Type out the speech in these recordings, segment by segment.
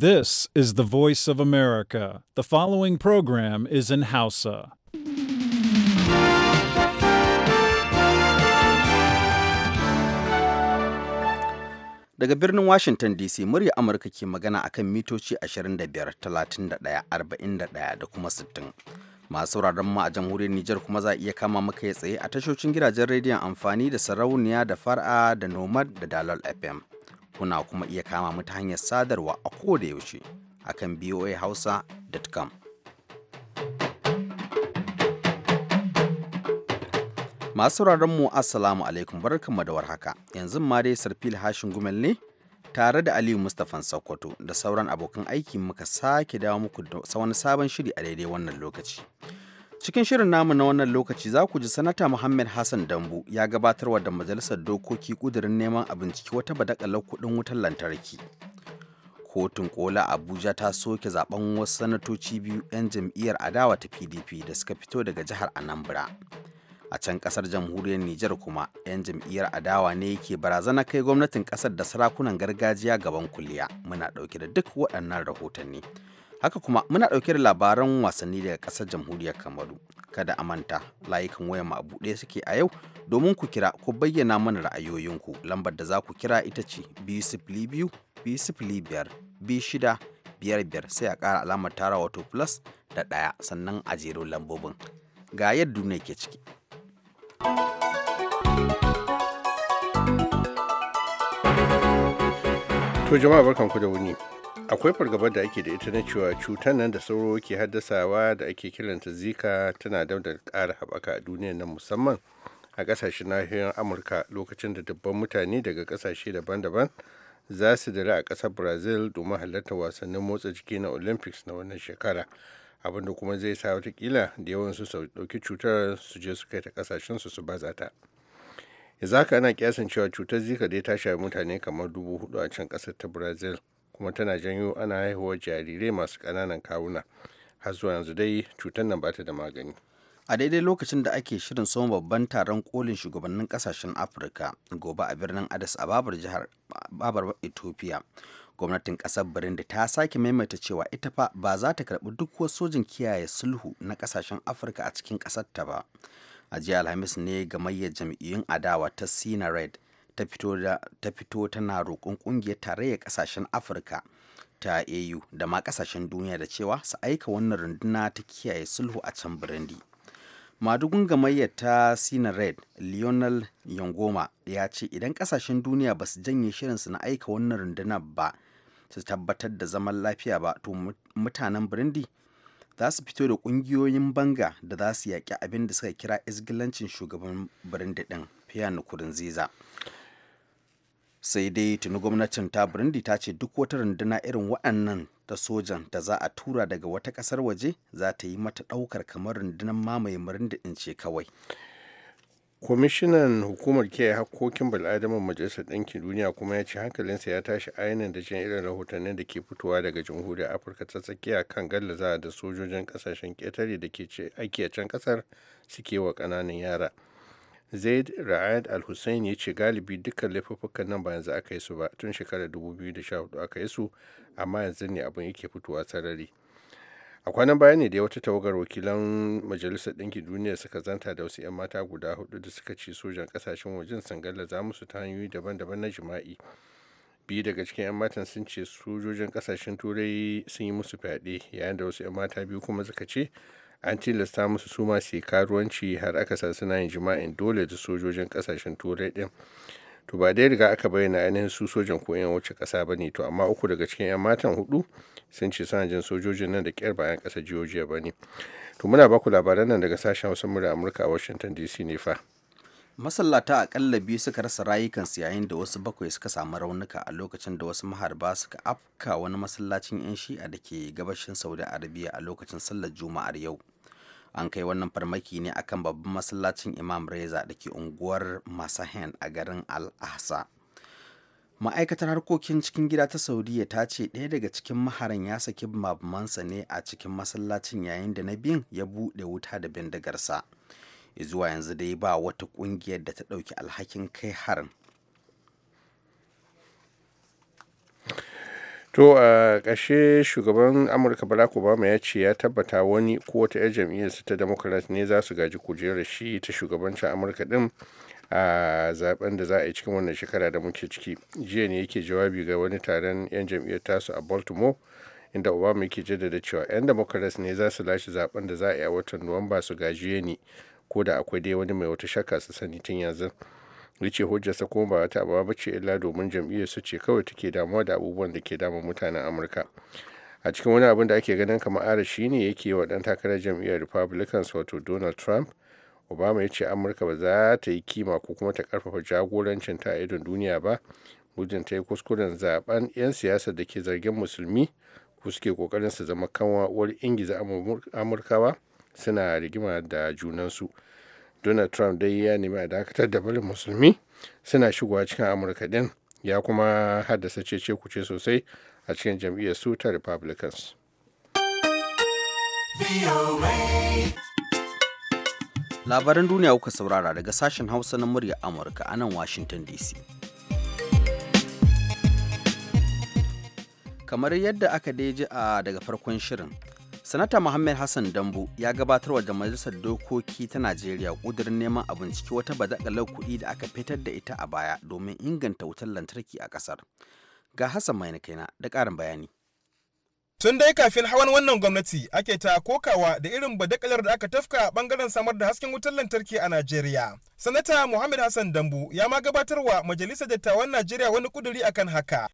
This is the voice of America. The following program is in Hausa. Daga birnin Washington DC murya Amurka ke magana a kan mitoci 25, 31, 41 da kuma 60. Masu wuraren ma a jamhuriyar Nijar kuma za a iya kama maka ya tsaye a tashocin gidajen rediyon amfani da sarauniya da far'a da nomad da dalal FM. kuna kuma iya kama mu ta hanyar sadarwa a koda yaushe akan boahausa.com. Masu mu Assalamu alaikum barkanmu da warhaka. Yanzu ma dai Sarfil Hashin Gumel ne tare da Aliyu mustafan Sokoto da sauran abokan aiki muka sake dawo muku da wani sabon shiri a daidai wannan lokaci. Cikin shirin namu na wannan lokaci za ku ji Sanata Muhammad Hassan Dambu ya gabatarwa da Majalisar Dokoki ƙudurin neman abinciki binciki wata badakalar kuɗin wutar lantarki. Kotun Kola Abuja ta soke zaben wasu sanatoci biyu 'yan jam'iyyar adawa ta PDP da suka fito daga jihar Anambra. A can ƙasar jamhuriyar Nijar kuma 'yan jam'iyyar adawa ne yake barazana kai gwamnatin ƙasar da sarakunan gargajiya gaban kuliya. Muna ɗauke da duk waɗannan rahotanni. Haka kuma muna ɗauke da labaran wasanni daga ƙasar jamhuriyar Kamaru. Kada a manta layukan wayar mu a buɗe suke a yau domin ku kira ku bayyana mana ra'ayoyinku. Lambar da za ku kira ita ce biyu sifili biyar shida biyar biyar sai a ƙara alamar tara wato plus da ɗaya sannan a jero lambobin. Ga yadda duniya ke ciki. To jama'a ku da wuni. akwai fargabar da ake da ita na cewa cutar nan da sauro ke haddasawa da ake kiranta zika tana da da ƙara haɓaka a duniyar nan musamman a ƙasashen nahiyar amurka lokacin da dubban mutane daga ƙasashe daban-daban za su dare a ƙasar brazil domin halartar wasannin motsa jiki na olympics na wannan shekara abin da kuma zai sa watakila da yawan su ɗauki cutar su je su kai ta ƙasashen su su baza ta yanzu haka ana kiyasan cewa cutar zika dai ta shafi mutane kamar dubu hudu a can ƙasar ta brazil kuma tana janyo ana haihuwar jarirai masu ƙananan kawuna har zuwa yanzu dai cutar nan bata da magani a daidai lokacin da ake shirin soma babban taron kolin shugabannin kasashen afirka gobe a birnin adis ababar jihar babar ethiopia gwamnatin kasar da ta sake maimaita cewa ita fa ba za ta karbi duk wasu sojin kiyaye sulhu na kasashen afirka a cikin kasar ta ba a jiya alhamis ne ga gamayyar jam'iyyun adawa ta sina red ta fito tana roƙon ƙungiyar tarayyar ƙasashen afirka ta au da ma ƙasashen duniya da cewa su aika wannan runduna ta kiyaye sulhu a can burundi madugun gamayyar ta red lionel yangoma ya ce idan ƙasashen duniya ba su janye shirinsu na aika wannan runduna ba su tabbatar da zaman lafiya ba to mutanen burundi za su fito da ƙungiyoyin banga da za su yaƙi abin da suka kira isgilancin shugaban burundi ɗin fiya ziza sai dai tuni gwamnatin ta burundi ta ce duk wata runduna irin waɗannan ta sojan da za a tura daga wata ƙasar waje za ta yi mata ɗaukar kamar rundunar mamaye burundi in ce kawai kwamishinan hukumar kiyaye hakkokin bil'adama majalisar ɗinkin duniya kuma ya ce hankalinsa ya tashi ainihin da jin irin rahotannin da ke fitowa daga jamhuriyar afirka ta tsakiya kan gallaza da sojojin ƙasashen ƙetare da ke ake can ƙasar suke wa ƙananan yara zaid ra'ad al-hussein ya ce galibi dukkan laifuffukan nan ba yanzu aka yi su ba tun shekarar 2014 aka yi su amma yanzu ne abin yake fitowa sarari a kwanan baya ne da wata tawagar wakilan majalisar ɗinkin duniya suka zanta da wasu 'yan mata guda hudu da suka ci sojan kasashen wajen sangalla za musu ta hanyoyi daban-daban na jima'i biyu daga cikin 'yan matan sun ce sojojin kasashen turai sun yi musu fyaɗe yayin da wasu 'yan mata biyu kuma suka ce an tilasta musu su ma su karuwanci har aka sa suna yin jima'in dole da sojojin kasashen turai din to ba dai riga aka bayyana ainihin su sojan ko yan wuce kasa ba ne to amma uku daga cikin yan matan hudu sun ce suna jin sojojin nan da kyar bayan kasa georgia ba ne to muna baku labaran nan daga sashen wasan murya amurka a washington dc ne fa masallata akalla biyu suka rasa rayukansu yayin da wasu bakwai suka samu raunuka a lokacin da wasu maharba suka afka wani masallacin 'yan shi'a da ke gabashin saudi arabia a lokacin sallar juma'ar yau an kai wannan farmaki ne akan babban masallacin imam reza da ke unguwar masahen a garin al-ahsa ma'aikatar harkokin cikin gida ta saudiya ta ce ɗaya daga cikin maharan ya saki mamansa ne a cikin masallacin yayin da na biyun ya buɗe wuta da bindigarsa zuwa yanzu dai ba wata ƙungiyar da ta ɗauki alhakin kai harin to a ƙashe shugaban amurka barack obama ya ce ya tabbata wani ko wata 'yar jam'iyyarsa ta democrat ne za su gaji kujerar shi ta shugabancin amurka din a zaben da za a yi cikin wannan shekara da muke ciki jiya ne yake jawabi ga wani taron 'yan jam'iyyar tasu a baltimore inda obama yake jaddada cewa 'yan Democrat ne za su lashe zaben da za a yi a watan nuwamba su gajiye ni ko da akwai dai wani mai wata shakka su sani tun yanzu ya ce sa kuma ba ta ba ce illa domin jam'iyyar su ce kawai take damuwa da abubuwan da ke damun mutanen amurka a cikin wani abin da ake ganin kamar ara shi ne yake wa ɗan takarar jam'iyyar republicans wato donald trump obama ya ce amurka ba za ta yi kima ko kuma ta karfafa jagorancin ta a idon duniya ba gudun ta yi kuskuren zaben 'yan siyasa da ke zargin musulmi ko suke kokarin su zama kanwa uwar ingiza amurkawa suna rigima da junansu. su donald trump dai ya nemi a dakatar da barin musulmi suna shigowa cikin amurka din ya kuma haddasa cece kuce sosai a cikin jam'iyyar su ta republicans labaran duniya kuka saurara daga sashen hausa na murya amurka a nan washington dc kamar yadda aka daji a daga farkon shirin sanata muhammad hassan dambu ya gabatarwa da majalisar dokoki ta najeriya ƙudurin neman a binciki wata badakalar kuɗi da aka fitar da ita a baya domin inganta wutar lantarki a ƙasar ga hassan mai kaina da ƙarin bayani tun dai kafin hawan wannan gwamnati ake ta kokawa da irin badakalar da aka tafka bangaren samar da hasken wutar lantarki a najeriya Sanata Muhammad Hassan Dambu ya ma gabatar wa Majalisar Dattawan Najeriya wani kuduri akan haka.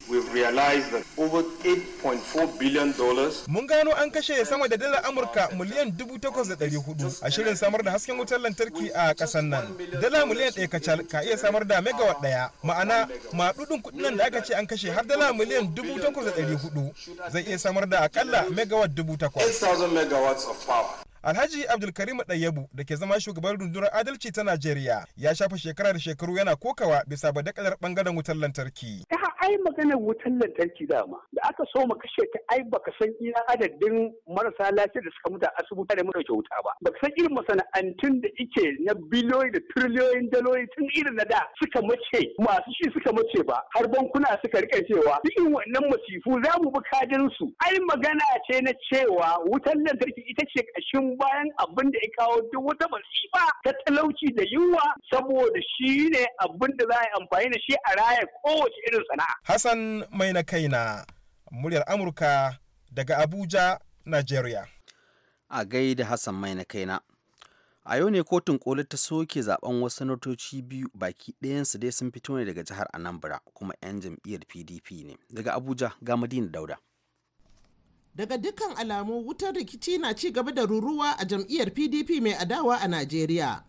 Mun gano an kashe sama da dalar Amurka miliyan 8,400 a shirin samar da hasken wutar lantarki a ƙasar nan. Dala miliyan ɗaya kacal ka iya samar da megawatt ɗaya. Ma'ana maɗuɗin kuɗin nan da aka ce an kashe har dala miliyan 8,400 zai iya samar da akalla megawatt 8,000. Alhaji Abdulkarim Ɗayyabu da ke zama shugaban rundunar adalci ta Najeriya ya shafa shekara da shekaru yana kokawa bisa dakalar bangaren wutar lantarki. Ta ai maganar wutar lantarki dama da aka so mu kashe ta ai baka san ina adadin marasa lafiya da suka mutu asibiti da muka wuta ba. Baka san irin masana'antun da ike na biliyoyi da tiriliyoyin daloli tun irin na da suka mace masu shi suka mace ba har bankuna suka rike cewa irin wannan masifu za mu bi kadin su. Ai magana ce na cewa wutar lantarki ita ce ƙashin bayan abin da ya kawo duk wata masifa ta talauci da yunwa saboda shi ne abin da za a yi amfani da shi a raya kowace irin sana'a. Hassan mai na kaina muryar Amurka daga Abuja, Nigeria. A gaida Hassan mai na kaina. a yau ne kotun koli ta soke zaben wasu notoci biyu baki ɗayansu dai sun fito ne daga jihar anambra kuma 'yan jam'iyyar pdp ne daga abuja ga madina dauda daga dukkan alamu wutar rikici na ci gaba da ruruwa a jam'iyyar pdp mai adawa a najeriya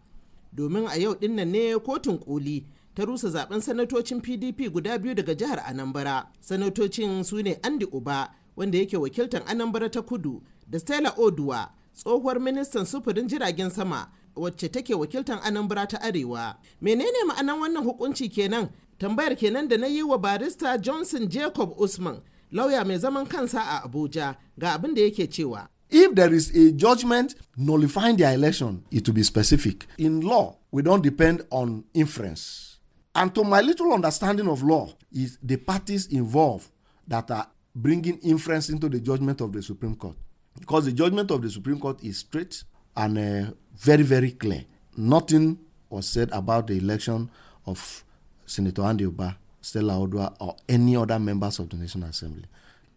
domin a yau dinnan ne kotun koli ta rusa zaben sanatocin pdp guda biyu daga jihar anambra sanatocin su ne andy uba wanda yake wakiltar anambra ta kudu da stella oduwa tsohuwar ministan sufurin jiragen sama wacce take wakiltar anambra ta arewa menene ma'anan wannan hukunci kenan tambayar kenan da na yi wa barista johnson jacob usman lauya mai zaman kansa a abuja ga abin da yake cewa if there is a judgment nullifying their election it will be specific in law we don depend on inference and to my little understanding of law is the parties involved that are bringing inference into the judgment of the supreme court because the judgment of the supreme court is straight and uh, very very clear nothing was said about the election of senator andy oba Stella Odua or any other members of the National Assembly.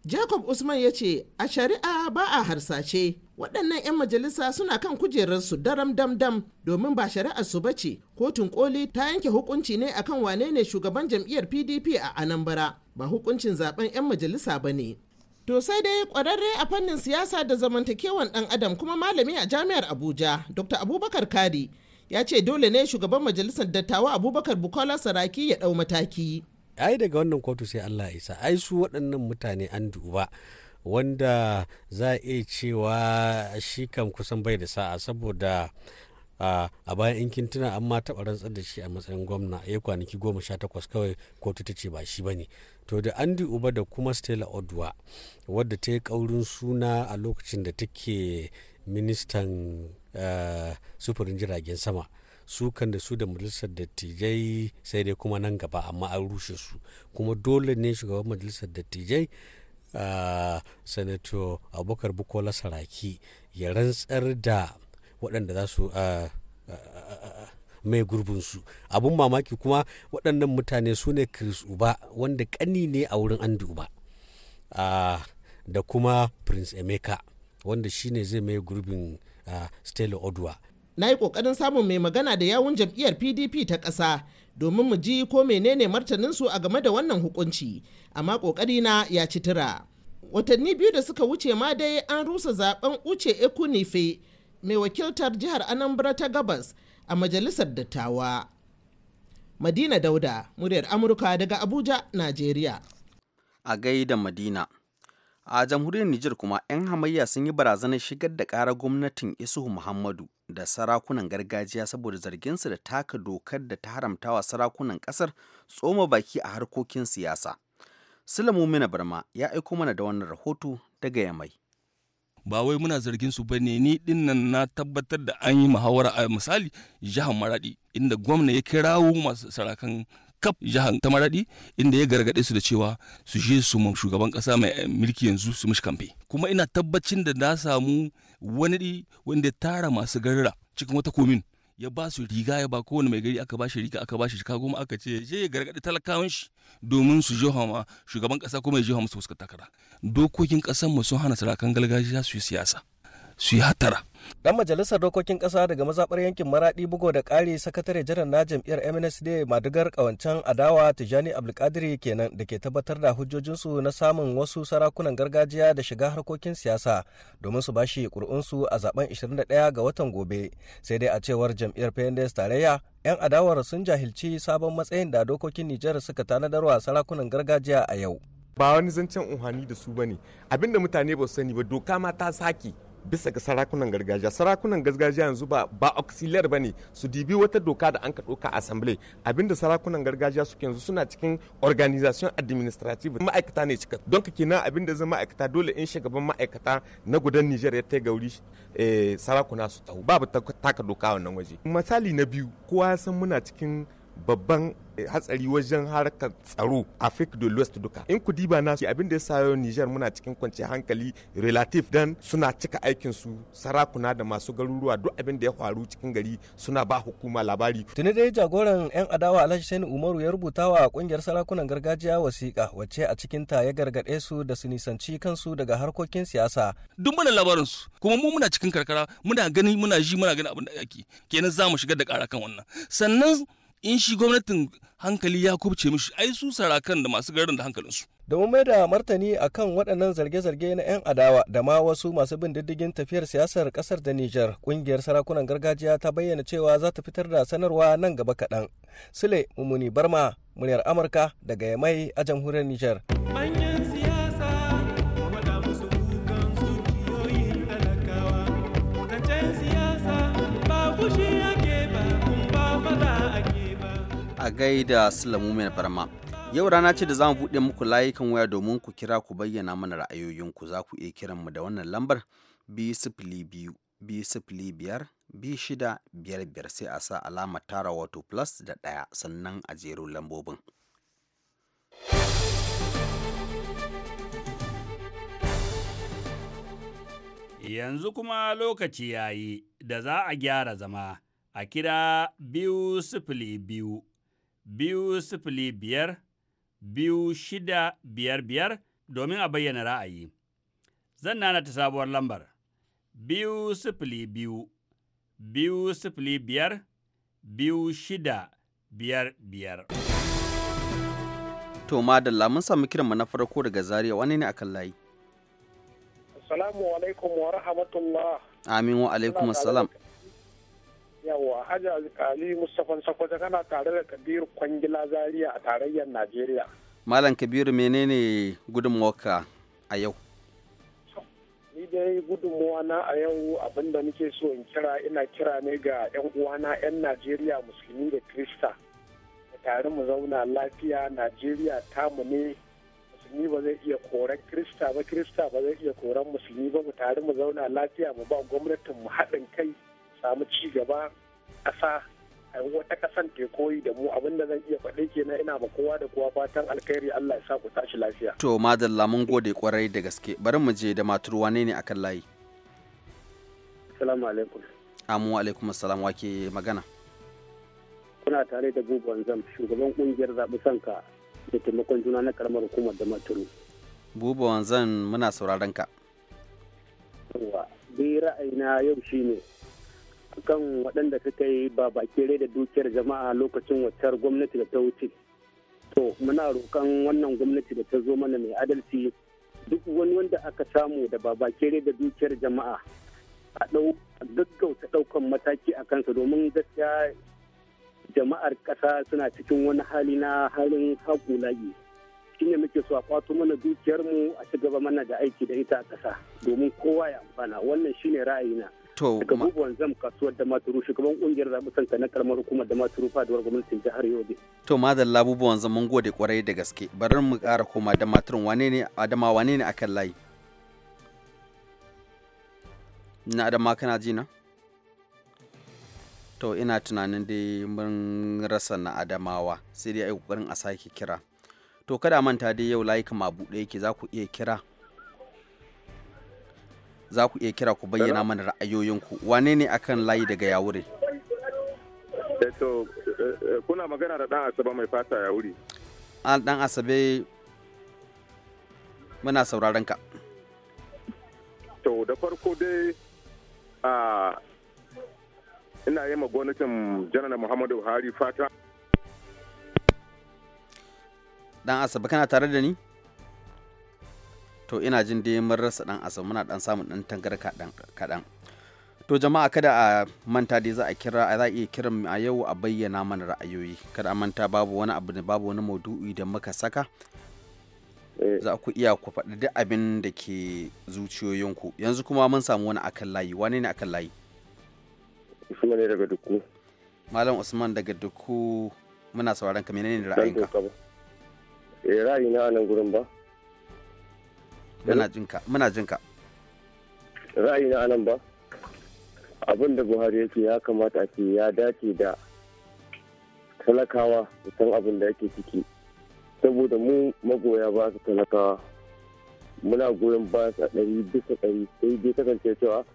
Jacob Usman ya ce a shari'a ba a harsace waɗannan 'yan majalisa suna kan kujerarsu daram dam dam domin ba shari'ar su bace kotun koli ta yanke hukunci ne akan wane ne shugaban jam'iyyar PDP a Anambra ba hukuncin zaben 'yan majalisa ba ne. To sai dai kwararre a fannin siyasa da zamantakewan ɗan adam kuma malami a jami'ar Abuja Dr. Abubakar Kari ya ce dole ne shugaban majalisar dattawa Abubakar Bukola Saraki ya ɗau mataki. ai daga wannan kotu sai allah ya isa ai su waɗannan mutane an duba wanda za a iya cewa shi kam kusan bai da sa'a saboda a bayan in kin tuna an ma taɓa rantsar da shi a matsayin gwamna ya kwanaki goma sha takwas kawai kotu ta ce ba shi bane to da di uba da kuma stella odwa wadda ta yi ƙaurin suna a lokacin da take ministan eh, sufurin jiragen sama sukan da su da majalisar dattijai sai dai kuma nan gaba amma an rushe su kuma dole ne shugaban majalisar dattijai ah, sanato abubakar bukola saraki ya rantsar da waɗanda za su ah, ah, mai gurbinsu abun mamaki kuma waɗannan mutane su ne chris uba wanda ƙani ne a wurin andy uba da kuma prince emeka wanda shine zai mai gurbin stella odua na yi kokarin samun mai magana da yawun jam'iyyar pdp ta ƙasa domin mu ji ko menene martaninsu a game da wannan hukunci amma kokari na ya ci tura watanni biyu da suka wuce ma dai an rusa zaben uce ekunife mai wakiltar jihar anambra ta gabas a majalisar dattawa madina dauda muryar amurka daga abuja najeriya a gaida madina a jamhuriyar niger kuma 'yan hamayya sun yi barazanar shigar da ƙara gwamnatin isuhu muhammadu da sarakunan gargajiya saboda zarginsu da taka dokar da ta haramta wa sarakunan kasar tsoma baki a harkokin siyasa. Sulamu Mina Barma ya aiko mana da wannan rahoto daga Yamai. ba wai muna zargin su ba ne ni din nan na tabbatar da an yi muhawara a misali jihar maraɗi inda gwamna ya kirawo masu sarakan kaf jihar ta maradi inda ya gargaɗe su da cewa su je su ma shugaban ƙasa mai mulki yanzu su mishi kamfe kuma ina tabbacin da na samu wani wanda ya tara masu garira cikin wata komin ya ba su riga ya ba kowane mai gari aka ba shi riga aka ba shi shika goma aka ce ya je ya gargaɗe talakawan shi domin su je hama shugaban ƙasa kuma ya je hama su fuskar takara dokokin ƙasar mu sun hana sarakan gargajiya su yi siyasa su yi hatara dan majalisar dokokin kasa daga mazaɓar yankin maraɗi bugo da kari sakatare jiran na jam'iyyar mnsd madugar kawancan adawa tijani Abdulkadir kenan da ke tabbatar da hujjojinsu na samun wasu sarakunan gargajiya da shiga harkokin siyasa domin su bashi kur'unsu a zaben 21 ga watan gobe sai dai a cewar jam'iyyar pnds tarayya 'yan adawar sun jahilci sabon matsayin da dokokin nijar suka tanadarwa sarakunan gargajiya a yau ba wani zancen unhani da su bane abinda mutane ba su sani ba doka ma ta sake bisa ga sarakunan gargajiya sarakunan gargajiya yanzu ba ba auxiliar bane su dibi wata doka da an ka doka assembly abinda sarakunan gargajiya suke yanzu suna cikin organization administrative ma'aikata ne cika don ka na abinda zai ma'aikata dole in shugaban ma'aikata na gudan Niger ya ta gauri eh, sarakuna su tahu babu taka doka wannan waje misali na biyu kowa san muna cikin babban eh, hatsari wajen harkar tsaro afrika da west duka in ku diba na abin da ya sayo niger muna cikin kwanciyar hankali relative dan suna cika aikinsu sarakuna da masu garuruwa duk abin da ya faru cikin gari suna ba hukuma labari tuni dai jagoran yan adawa alhaji sani umaru ya rubuta wa kungiyar sarakunan gargajiya wasiƙa wacce a cikin ta ya gargaɗe su da su nisanci kansu daga harkokin siyasa duk mana labarin su kuma mu muna cikin karkara muna gani muna ji muna gani abin da ke kenan za mu shigar da ƙara kan wannan sannan in shi gwamnatin hankali ya kubce mishi ai su sarakan da masu garin da hankalinsu domin mai da martani akan waɗannan zarge-zarge na 'yan adawa da ma wasu masu bin diddigin tafiyar siyasar kasar da Nijar ƙungiyar sarakunan gargajiya ta bayyana cewa za ta fitar da sanarwa nan gaba kaɗan. Sule Mumuni Barma, muryar Amurka daga Yamai a jamhuriyar Nijar. gaida Sulamu mai farma. Yau rana ce da za mu buɗe muku layukan waya domin ku kira ku bayyana mana ra'ayoyinku za ku iya kiran mu da wannan lambar biyar shida biyar biyar sai a sa alama tara wato plus da ɗaya sannan a jero lambobin. Yanzu kuma lokaci ya yi da za a gyara zama a kira biyu sifili biyu biyu sifili biyar biyu shida biyar biyar domin a bayyana ra'ayi. Zan nana ta sabuwar lambar biyu sifili biyu biyu sifili biyar biyu shida biyar biyar. To madalla mun samu kiranmu na farko daga Zaria wani ne akan layi? Assalamu alaikum wa rahmatullah. Amin wa alaikum assalam. yawa hajji alkali mustapha sakwata kana tare da kabiru kwangila zaria a tarayyar najeriya malam kabiru menene gudunmawarka a yau ni dai gudunmawa na a yau abinda nake so in kira ina kira ne ga 'yan uwana 'yan najeriya musulmi da krista da tare mu zauna lafiya najeriya tamu ne musulmi ba zai iya koran krista ba krista ba zai iya koran musulmi ba mu tare mu zauna lafiya mu ba gwamnatin mu haɗin kai samu ci gaba ƙasa wata ƙasan ke koyi da mu abin da zan iya faɗi kenan ina ba kowa da kowa fatan alkhairi Allah ya sa ku tashi lafiya. To madalla mun gode kwarai da gaske bari mu je da matur wane ne akan layi. Assalamu alaikum. Amu alaikum assalam wake magana. Kuna tare da Buban Zam shugaban kungiyar zaɓi sanka da taimakon juna na karamar hukumar da maturu. Buban wanzan muna sauraron ka. Yawa, bi ra'ayina yau shine kan waɗanda suka yi ba baki da dukiyar jama'a lokacin waccar gwamnati da ta wuce to muna roƙon wannan gwamnati da ta zo mana mai adalci duk wani wanda aka samu da ba baki da dukiyar jama'a a gaggauta ɗaukan mataki a kansa domin gaskiya jama'ar ƙasa suna cikin wani hali na halin haƙo lagi shi ne muke so a kwato mana dukiyarmu a ci gaba mana da aiki da ita a ƙasa domin kowa ya amfana wannan shine ra'ayina daga bubuwan zam kasuwar da maturu shugaban kungiyar zaɓi sanka na karamar hukumar da maturu faduwar gwamnatin jihar yobe to madalla abubuwan zam mun gode kwarai da gaske bari mu ƙara koma da maturun wane ne adama wane ne akan layi na adama kana ji na to ina tunanin dai mun rasa na adamawa sai dai ai kokarin a sake kira to kada manta dai yau layuka ma buɗe yake za ku iya kira za ku iya kira ku bayyana mana ra'ayoyinku wane ne akan layi daga yawure eh, to eh, eh, kuna magana da dan asabe mai fata yawuri ah, an dan asabe muna sauraron ka to da farko dai a ina yi gwamnatin janar muhammadu buhari fata dan asabe kana tare da ni to ina jin dai mun rasa dan asa muna dan samun dan tangar kaɗan to jama'a kada a manta dai za a kira a za a iya kiran a yau a bayyana mana ra'ayoyi kada a manta babu wani abu ne babu wani maudu'i da muka saka eh. za ku iya ku faɗi duk abin da ke zuciyoyinku yanzu kuma mun samu wani akan layi wani ne akan layi usman ne daga duku malam usman daga duku muna sauraron ka menene ra'ayinka eh ra'ayi na nan gurin ba yana jinka muna jinka ra'ayina anan ba abin da buhari yake ya kamata a ce ya dace da talakawa san abin da yake ciki saboda mu magoya ba su talakawa muna goyon ba su a ɗari bisa ɗari sai dai kasance cewa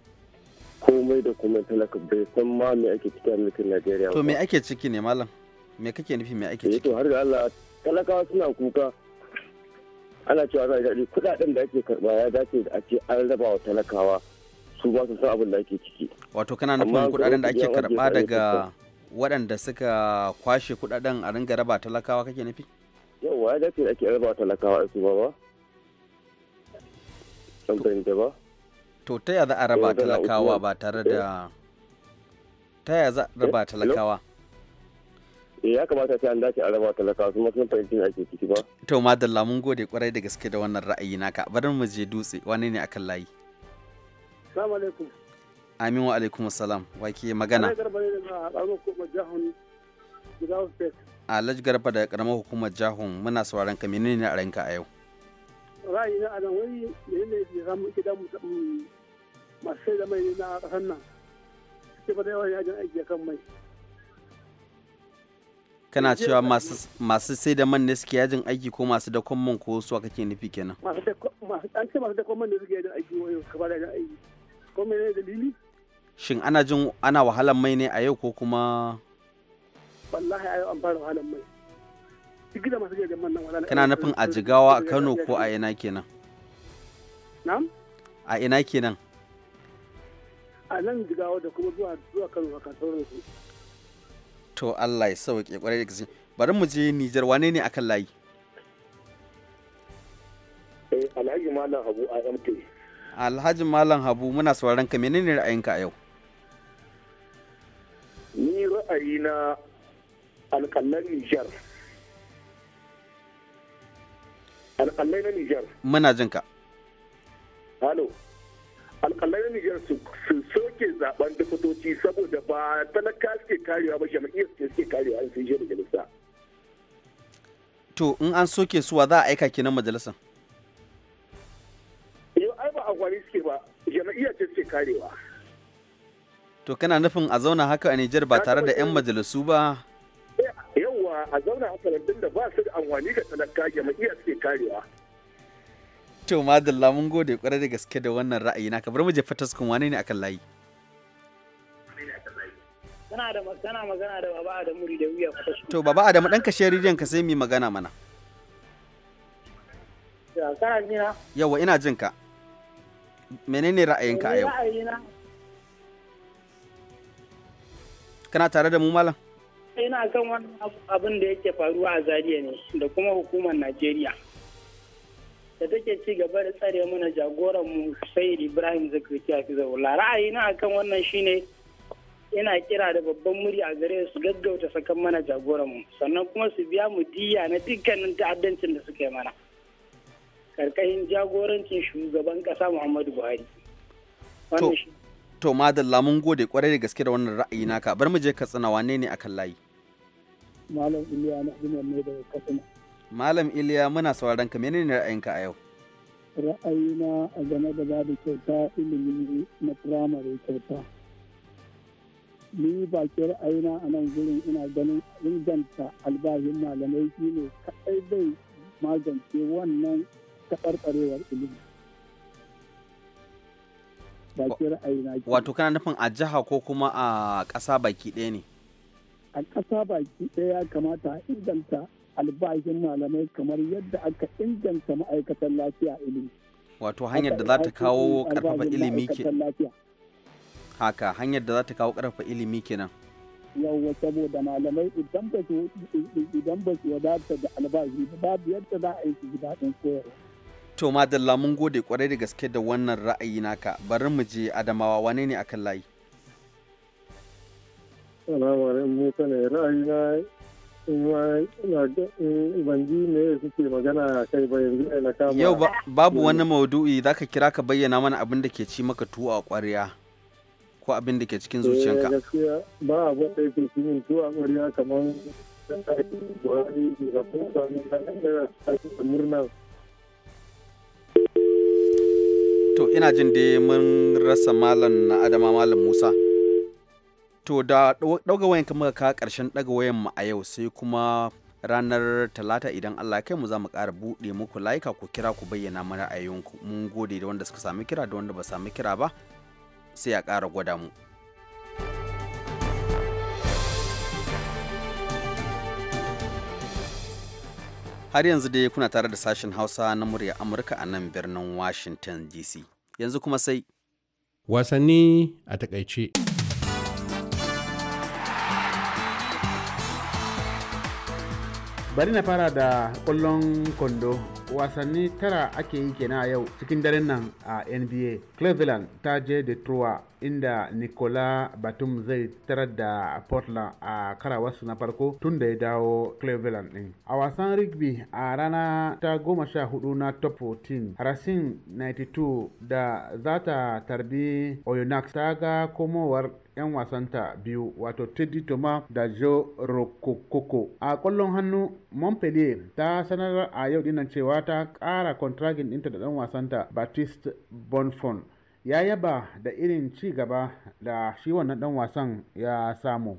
komai da komai talaka bai san ma me ake ciki a mulkin najeriya to me ake ciki ne malam me kake nufi me ake eh, ciki to har da allah talakawa suna kuka ana cewa za a daɗi kuɗaɗen da ake karɓa ya dace da ake an raba wa talakawa su ba su san abin da ake ciki. Wato kana nufin kuɗaɗen da ake karɓa daga waɗanda suka kwashe kuɗaɗen a ringa raba talakawa kake nufi? Yawwa ya dace da ake raba wa talakawa su ba ba. ba. To ta yaya za a raba eh, talakawa ba tare da eh? ta yaya za a raba eh, talakawa? Eh, ya kamata sai an dace a raba talaka su sun fahimci ake ciki ba. To madalla mun gode kwarai da gaske da wannan ra'ayi naka bari mu je dutse wani ne akan layi. Salamu alaikum. Amin wa alaikum salam wake magana. Alhaji Garba da karamar hukumar Jahun muna sauraron ka menene a ranka a yau? Ra'ayi na ne ne ne ya samu mu masu sai da mai na ƙasar nan. Sai ba da yawan yajin aiki kan mai. kana cewa masu sai da man ne suke yajin aiki ko masu da man ko su aka ke nufi kenan masu da man ne suke yajin aiki wayo kaba da yajin aiki ko me ne dalili shin ana jin ana wahalan mai ne a yau ko kuma wallahi a yau an fara wahalan mai duk da masu yajin man nan wallahi kana nufin a jigawa a Kano ko a ina kenan na'am a ina kenan a nan jigawa da kuma zuwa zuwa Kano haka su to Allah ya sauke kwarai da gaske bari mu je Nijar wane ne akan layi eh, Alhaji Malam Habu AMT Alhaji Malam Habu muna sauraron ka menene ra'ayinka a yau Ni ra'ayi na alƙallan Nijar Alƙallai na Nijar Muna jinka Halo alƙalar Nijar su soke zaben dafatoci saboda ba talaka suke karewa ba jam'iyyar su suke karewa an sun je majalisa. To in an soke suwa za a aika kenan majalisa. Yau ai ba amfani suke ba jam'iyyar ce suke karewa. To kana nufin a zauna haka a Nijar ba tare da 'yan majalisu ba? Eh, Yawwa a zauna haka da ba su da amfani ga talaka jam'iyyar suke karewa. to madalla mun gode kwarai da gaske da wannan ra'ayi naka bari mu je fataskun wane ne akan layi kana da magana magana da baba adamu da wuya fataskun to baba adamu dan kashe share rediyon ka sai mu magana mana Yawwa yawa ina jin ka menene ra'ayinka a yau kana tare da mu malam ina kan wani abin da yake faruwa a Zariya ne da kuma hukumar Najeriya da take ci gaba da tsare mana jagoran mu Sayyid Ibrahim zaula ra'ayi na akan wannan shine yana kira da babban muri a gare su gaggauta sakan mana jagoran mu sannan kuma su biya mu diya na dukkanin ta'addancin da suka yi mana karkashin jagorancin shugaban kasa Muhammadu Buhari wannan shi to madalla mun gode kwarai da gaske da wannan ra'ayi naka bar mu je katsina wane ne akan layi malam iliya na ne daga kasuma. Malam Iliya muna sauran ka menene ra'ayinka a yau? Ra'ayina a game da babu kyauta ilimi na firamare kyauta. Ni baki ra'ayina a nan gurin ina ganin inganta albashin malamai shi ne kaɗai bai magance wannan taɓarɓarewar ilimi. Wato kana nufin a jiha ko kuma a ƙasa baki ɗaya ne? A ƙasa baki ɗaya ya kamata a inganta albashin malamai kamar yadda aka inganta ma'aikatan lafiya ilimi. Wato hanyar da za ta kawo karfafa ilimi ke. Haka hanyar da za ta kawo karfafa ilimi kenan. Yawwa saboda malamai idan ba su idan ba su wadata da albashi babu yadda za a yi su ji daɗin koyarwa. To madalla mun gode kwarai da gaske da wannan ra'ayi naka bari mu je Adamawa wane ne akan layi? Salamu alaikum Musa ne ra'ayi na kuma ban suke magana kai ba yanzu na kama yau babu wani maudu'i za ka kira ka bayyana mana abin da ke ci maka tuwa a ƙwarya ko abin da ke cikin zuciyanka eh, ba abin da yake ci min tuwo a ƙwarya kamar Buhari da kuma murna to ina jin dai mun rasa malam na adama malam Musa to da ɗauga wayan kama ka ƙarshen ɗaga wayan mu a yau sai kuma ranar talata idan Allah kai mu za mu ƙara buɗe muku layuka ku kira ku bayyana mana ra'ayoyinku mun gode da wanda suka sami kira da wanda ba sami kira ba sai a ƙara gwada mu har yanzu dai kuna tare da sashen hausa na murya amurka a nan birnin washington dc yanzu kuma sai wasanni a takaice bari na fara da kwallon kondo wasanni tara ake yi kenan a yau cikin daren nan a nba cleveland ta je detroit inda nicola batum zai tarar da portland a karawarsu na farko tun da ya dawo cleveland din a wasan rigby a rana ta goma sha hudu na top 14 racing 92 da za ta tarbi oyonnax ta ga komowar 'yan wasanta biyu wato teddy toma da joe rokokoko a kwallon hannu montpellier ta sanar a yau dinnan cewa ta ƙara kontragin ɗinta da ɗan wasanta baptiste bonfon ya yaba da irin ci gaba da shi wannan ɗan wasan ya samu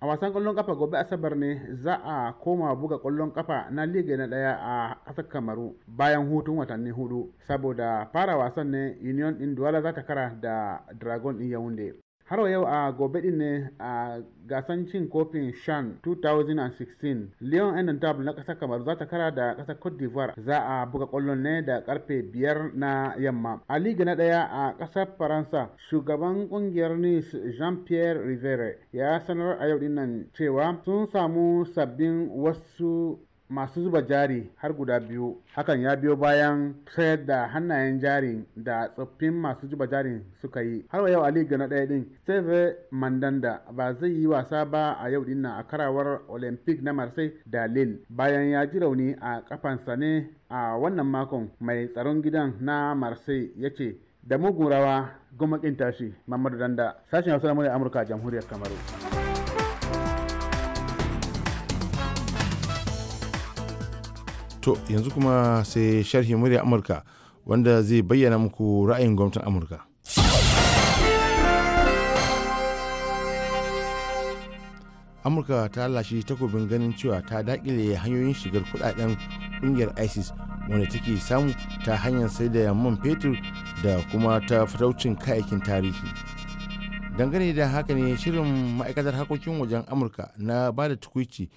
a wasan kwallon kafa gobe asabar ne za a koma buga kwallon kafa na liga na daya a kasar kamaru bayan hutun watanni hudu saboda fara wasan ne union din duwala za ta kara da dragon din yaounde har yau a gobe din ne a gasan cin kofin shan 2016 leon and dab na kasar kamar za ta kara da kasar cote d'ivoire za a buga kwallon ne da karfe biyar na yamma a liga na daya a kasar faransa shugaban kungiyar nice jean pierre rivere ya sanar a yau dinnan cewa sun samu sabbin wasu masu zuba jari har guda biyu hakan ya biyo bayan sayar da hannayen jari da tsoffin masu zuba jarin suka yi har yau ali gana ɗaya din steve mandanda ba zai yi wasa ba a yau din a karawar olympic na marseille da lille bayan ya ji rauni a kafansa ne a wannan makon mai tsaron gidan na marseille ya ce da mugun rawa tashi mamadu danda sashen hausa na amurka jamhuriyar kamaru To yanzu kuma sai sharhi murya Amurka wanda zai bayyana muku ra'ayin gwamnatin Amurka. Amurka ta lashe takobin ganin cewa ta dakile hanyoyin shigar kudaden kungiyar ISIS wanda take samu ta hanyar sai da man fetur da kuma ta fataucin kayakin tarihi. dangane da haka ne shirin ma'aikatar harkokin wajen amurka na bada da tukuici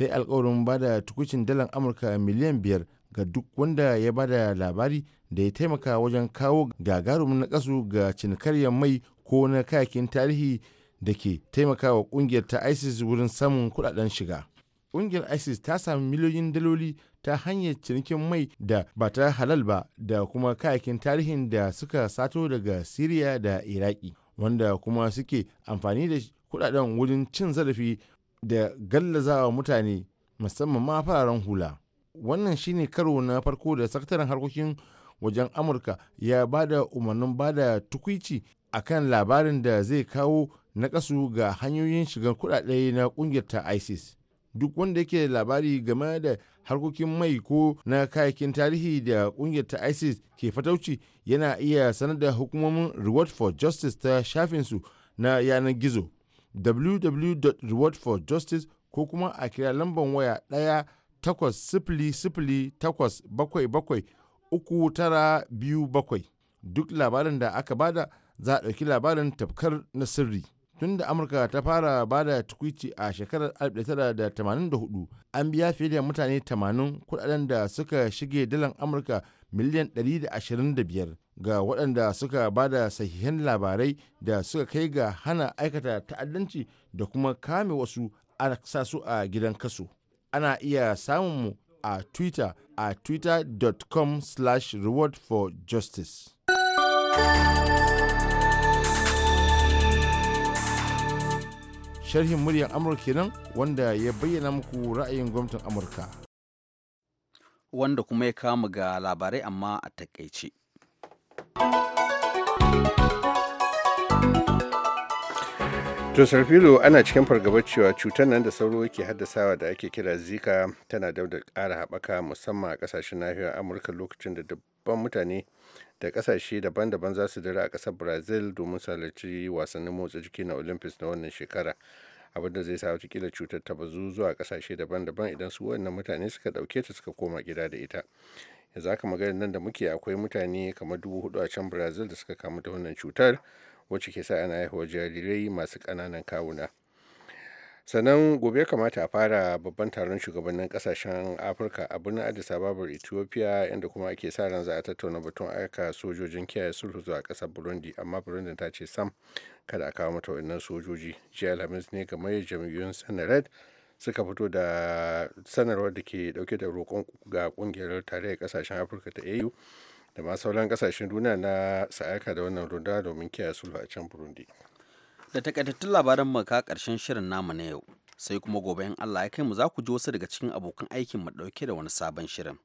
ta yi alkawarin ba da tukucin dalar amurka miliyan biyar ga duk wanda ya ba da labari da ya taimaka wajen kawo gagarumin kasu ga cinikaryar mai ko na kayakin tarihi da ke taimakawa kungiyar ta isis wurin samun kudaden shiga kungiyar isis ta sami miliyoyin daloli ta hanyar cinikin mai da ba ta halal ba da kuma kayakin tarihin da suka sato daga siriya da iraki wanda kuma suke amfani da kudaden wurin cin zarafi da gallazawa mutane musamman ma fararen hula wannan shine karo na farko da sakataren harkokin wajen amurka ya bada umarnin bada tukwici a kan labarin da zai kawo nakasu ga hanyoyin shiga kudade na kungiyar ta isis duk wanda yake labari game da harkokin mai ko na kayakin tarihi da kungiyar ta isis ke fatauci yana iya sanar da hukumomin reward for justice ta shafinsu na yanar gizo www.rewardforjustice ko kuma a kira lambar waya ɗaya takwas sifili sifili takwas bakwai bakwai uku tara biyu bakwai duk labarin da aka bada za a ɗauki labarin tafkar na sirri tun da amurka ta fara bada tukwici a shekarar 1984 an biya fiye da mutane 80 kudaden da suka shige dalan amurka miliyan 125 ga waɗanda suka ba da sahihan labarai da suka kai ga hana aikata ta'addanci da kuma kame wasu a sa su a gidan kaso ana iya samun mu a twitter a twitter.com slash reward for justice sharhin muryar amurka kenan wanda ya bayyana muku ra'ayin gwamnatin amurka wanda kuma ya kama ga labarai amma a takaice to filo ana cikin fargabar cewa cutar nan da sauro yake haddasawa da ake kira zika tana da ƙara haɓaka musamman a ƙasashen nahiyar amurka lokacin da dubban mutane da ƙasashe daban-daban za su dira a ƙasar brazil domin salarci wasannin motsa jiki na olympics na wannan shekara abin da zai sa watakila cutar ta bazu zuwa ƙasashe daban-daban idan su wannan mutane suka ɗauke ta suka koma gida da ita yanzu zaka magana nan da muke akwai mutane kamar dubu hudu a can brazil da suka kamu da wannan cutar wacce ke sa ana haihuwar jarirai masu ƙananan kawuna sannan gobe ya kamata a fara babban taron shugabannin kasashen afirka a birnin addis ababar ethiopia inda kuma ake sa ran za a tattauna batun aika sojojin kiyaye sulhu zuwa kasar burundi amma burundi ta ce sam kada a kawo mata wannan sojoji jiya alhamis ne ga da jam'iyyun sanared suka fito da sanarwar da ke dauke da roƙon ga kungiyar tarayyar kasashen afirka ta au da ma sauran kasashen duniya na sa'aika da wannan runda domin kiyaye sulhu a can burundi da takaitattun labaran maka karshen shirin namu na yau sai kuma gobe in allah ya kai mu za ku ji wasu daga cikin abokan aikin mu dauke da wani sabon shirin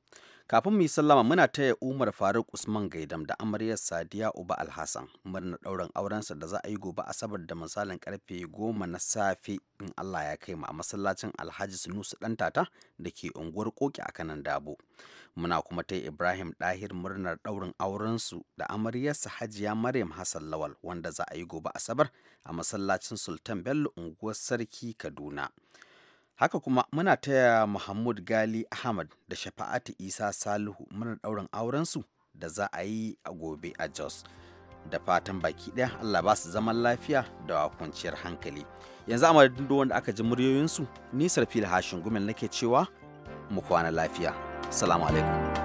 kafin mu yi sallama muna taya umar faruk usman gaidam da amaryar sadiya uba alhassan murnar ɗaurin aurensa da za a yi gobe asabar da misalin karfe goma na safe in allah ya kai mu a masallacin alhaji sunusu dan tata da ke unguwar koki a kanan dabo muna kuma taya ibrahim ɗahir murnar ɗaurin aurensu da amaryarsa hajiya maryam hassan lawal wanda za a yi gobe asabar a masallacin sultan bello unguwar sarki kaduna haka kuma muna taya Muhammad Gali Ahmad da Shafa'atu Isa Salihu muna ɗaurin aurensu da za a yi a gobe a Jos. Da fatan baki ɗaya Allah ba su zaman lafiya da kwanciyar hankali. Yanzu a wanda aka ji muryoyinsu, ni Sarfil Hashin Gumel nake cewa mu kwana lafiya. Salamu alaikum.